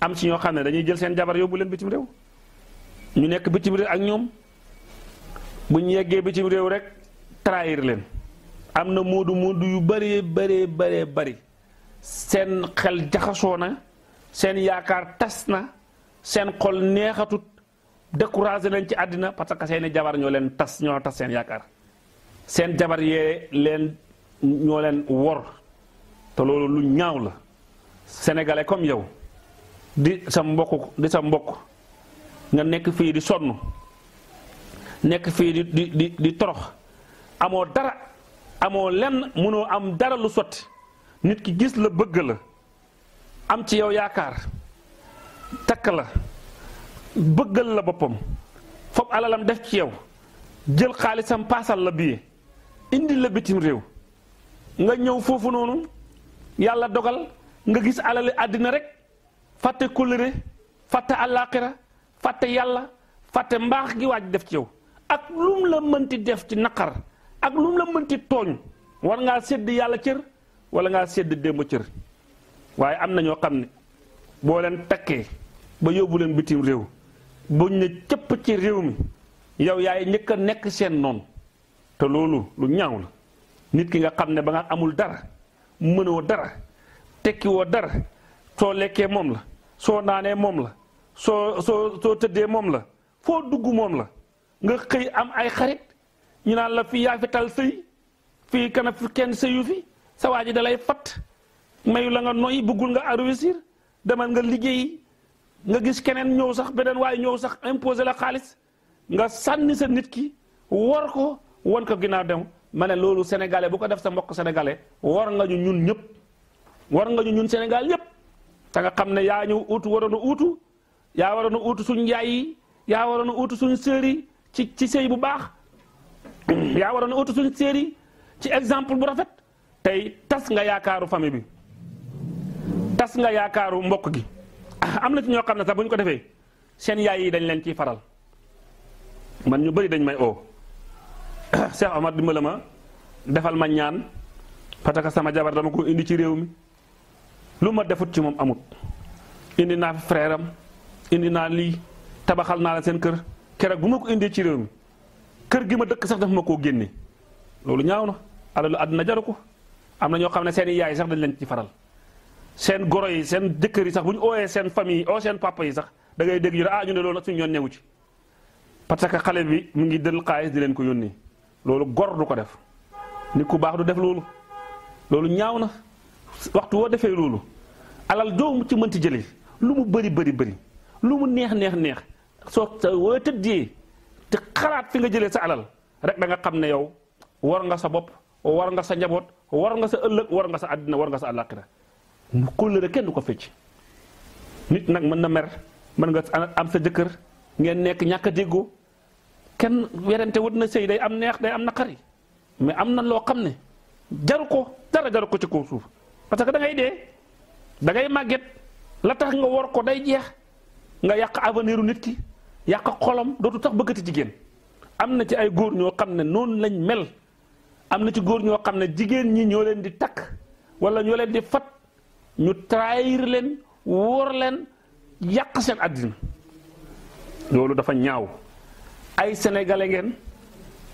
am si ñoo xam ne dañuy jël seen jabar yóbbu leen bitim réew ñu nekk bitim réew ak ñoom bu ñu yeggee bitim réew rek trahir leen am na moodu moodu yu bëree bëree bëree bëri seen xel jaxasoo na seen yaakaar tas na seen xol neexatut découragé nañ ci àddina parce que seeni jabar ñoo leen tas ñoo tas seen yaakaar seen jabar yee leen ñoo leen wor te loolu lu ñaaw la sénégalais comme yow di sa mbokk di sa mbokk nga nekk fii di sonn nekk fii di di di torox amoo dara amoo lenn mënoo am dara lu sot nit ki gis la bëgg la am ci yow yaakaar takk la bëggal la boppam fopp alalam def ci yow jël xaalisam paasal la bii indi la bitim réew nga ñëw foofu noonu yàlla dogal nga gis alali àddina rek fàtte kóllëre fàtte àllaaxira fàtte yàlla fàtte mbaax gi waaj def ci yow ak lum la mënti def ci naqar ak lum la mënti tooñ war ngaa sedd yàlla cër wala ngaa sédd démb cër waaye am na ñoo xam ne boo leen takkee ba yóbbu leen bitim réew buñ ne cëpp ci réew mi yow yaay njëkk a nekk seen noonu te loolu lu ñaaw la nit ki nga xam ne ba nga amul dara mënoo dara tekkiwoo dara soo lekkee moom la soo naanee moom la soo soo soo tëddee moom la foo dugg moom la nga xëy am ay xarit ñu naan la fii fi tal sëy fii kana fi kenn sëyu fi sa waa ji da lay fat mayu la nga noy bëggul nga réussir demal nga liggéey nga gis keneen ñëw sax beneen waaye ñëw sax imposé la xaalis nga sànni sa nit ki war ko wan ko ginnaaw dem ma ne loolu sénégalais bu ko def sa mbokk sénégalais war nga ñu ñun ñëpp war nga ñu ñun sénégal yëpp te nga xam ne yaa ñu uutu waroon a uutu yaa waroon a uutu suñ yaay yi yaa waroon a uutu suñ sœur ci ci sëy bu baax yaa waroon a uutu suñ sœur yi ci exemple bu rafet tey tas nga yaakaaru famille bi tas nga yaakaaru mbokk gi ah, am na ci ñoo xam ne sax bu ko defee seen yaay yi dañ leen ciy faral man ñu bëri dañ may oo ah, Cheikh Omar dimbala ma defal ma ñaan parce que sama jabar dama ko indi ci réew mi lu ma defut ci moom amut indi naa fi frère indi naa lii tabaxal naa la seen kër keroog bu ma ko indi ci réew mi kër gi ma dëkk sax daf ma koo génne loolu ñaaw na alalu àdduna jaru ko am na ñoo xam ne seen yaay sax dañ leen ci faral seen goro yi seen jëkkër yi sax bu ñu ooyee seen famille oo seen papa yi sax da ngay dégg ñu ne ah ñu newu ci parce que xale bi mu ngi dël xaalis di leen ko yónnee loolu gor du ko def nit ku baax du def loolu loolu ñaaw na waxtu woo defee loolu alal joo ci mënti jëlee lu mu bëri bëri bëri lu mu neex neex neex soo sa woo tëddee te xalaat fi nga jëlee sa alal rek da nga xam ne yow war nga sa bopp war nga sa njaboot war nga sa ëllëg war nga sa àddina war nga sa àllaaxira kóllëre kenn du ko fecc nit nag mën na mer mën nga am sa jëkkër ngeen nekk ñàkk a déggoo kenn werante wut na sëy day am neex day am naqari mais am na loo xam ne jaru ko dara jaru ko ci kaw suuf parce que dangay ngay dee da ngay màgget la tax nga war ko day jeex nga yàq avenir nit ki yàq xolam dootu tax bëggati jigéen am na ci ay góor ñoo xam ne noonu lañ mel am na ci góor ñoo xam ne jigéen ñi ñoo leen di takk wala ñoo leen di fat ñu trahir leen wóor leen yàq seen àddina loolu dafa ñaaw ay sénégalais ngeen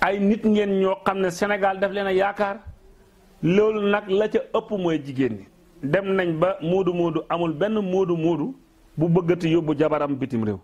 ay nit ngeen ñoo xam ne senegal def leen a yaakaar loolu nag la ca ëpp mooy jigéen ñi dem nañ ba moodu moodu amul benn moodu moodu bu bëggati yóbbu jabaram bitim réew